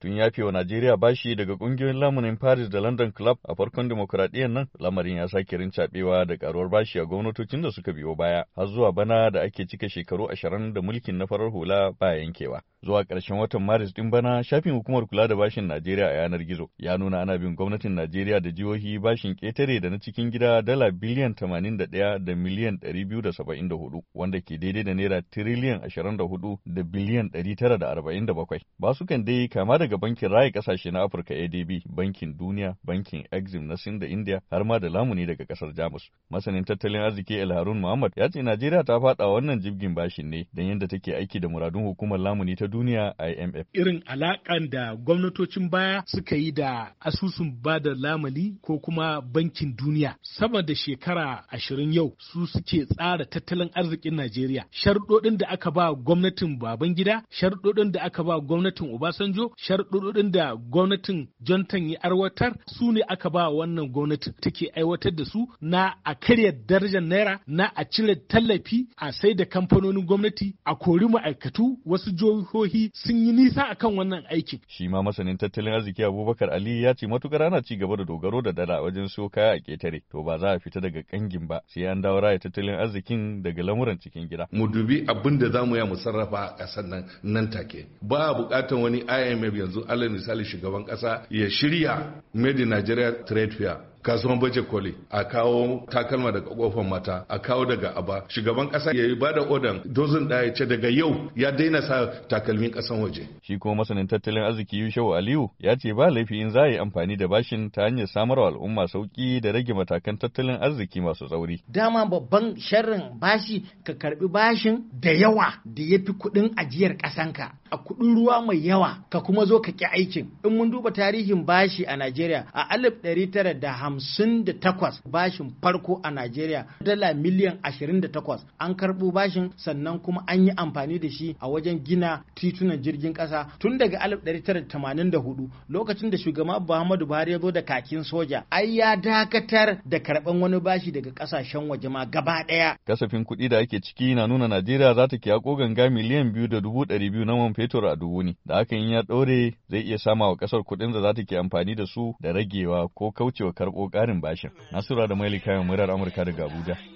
tun ya fi wa Najeriya bashi daga kungiyoyin lamunin Paris da London Club a farkon demokuraɗiyyar nan lamarin ya sake rincaɓewa da ƙaruwar bashi a gwamnatocin da suka biyo baya har zuwa bana da ake cika shekaru ashirin da mulkin na farar hula ba yankewa. zuwa ƙarshen watan maris ɗin bana shafin hukumar kula da bashin najeriya a yanar gizo ya nuna ana bin gwamnatin najeriya da jihohi bashin ƙetare da na cikin gida dala biliyan tamanin da ɗaya da miliyan ɗari biyu da saba'in da hudu wanda ke daidai da naira tiriliyan ashirin da hudu da biliyan ɗari tara da arba'in da bakwai ba su kan dai kama daga bankin raya ƙasashe na afirka adb bankin duniya bankin exim na sin da india har ma da lamuni daga ƙasar jamus masanin tattalin arziki el harun muhammad ya ce najeriya ta faɗa wannan jibgin bashin ne don yadda take aiki da muradun hukumar lamuni ta duniya IMF. Irin alakan da gwamnatocin baya suka yi da asusun ba da lamali ko kuma bankin duniya sama da shekara ashirin yau su suke tsara tattalin arzikin Najeriya. Sharɗoɗin da aka ba gwamnatin Babangida, sharɗoɗin da aka ba gwamnatin Obasanjo, sharɗoɗin da gwamnatin Jonathan ya arwatar su ne aka ba wannan gwamnatin take aiwatar da su na a karya darajar naira na a cire tallafi a sai da kamfanonin gwamnati a kori ma'aikatu wasu jihohi jihohi sun yi nisa akan wannan aikin. Shi ma masanin tattalin arziki Abubakar Ali ya ce matukar ana ci gaba da dogaro da dala wajen siyo kaya a ketare to ba za a fita daga kangin ba sai an dawo raya tattalin arzikin daga lamuran cikin gida. Mu dubi abin da za mu ya mu sarrafa a ƙasar nan nan take. Ba a buƙatar wani IMF yanzu allah misali shugaban ƙasa ya shirya Made in Nigeria Trade Fair kasuwan baje koli a kawo takalma daga kofar mata a kawo daga aba shugaban kasa ya yi ba da odan dozin daya ce daga yau ya daina sa takalmin kasan waje shi kuma masanin tattalin arziki yushau aliyu ya ce ba laifi in za a yi amfani da bashin ta hanyar wa al'umma sauki da rage matakan tattalin arziki masu tsauri dama babban sharrin bashi ka karbi bashin da yawa da ya fi kuɗin ajiyar ƙasanka a kuɗin ruwa mai yawa ka kuma zo ka ƙi aikin in mun duba tarihin bashi a najeriya a alif ɗari tara da hamsin da takwas bashin farko a Najeriya dala miliyan ashirin da takwas an karɓo bashin sannan kuma an yi amfani da shi a wajen gina titunan jirgin ƙasa tun daga alif ɗari tara tamanin da hudu lokacin da shugaban Muhammadu Buhari ya zo da kakin soja ai ya dakatar da karɓan wani bashi daga ƙasashen waje ma gaba ɗaya. Kasafin kuɗi da ake ciki na nuna Najeriya za ta kiyako ganga miliyan biyu da dubu ɗari biyu na man fetur a dubu ne da hakan ya ɗore zai iya sama wa ƙasar kuɗin da za ta ke amfani da su da ragewa ko kaucewa karɓo ƙoƙarin bashin bashin. Nasura da Maili kayan murar Amurka daga Abuja.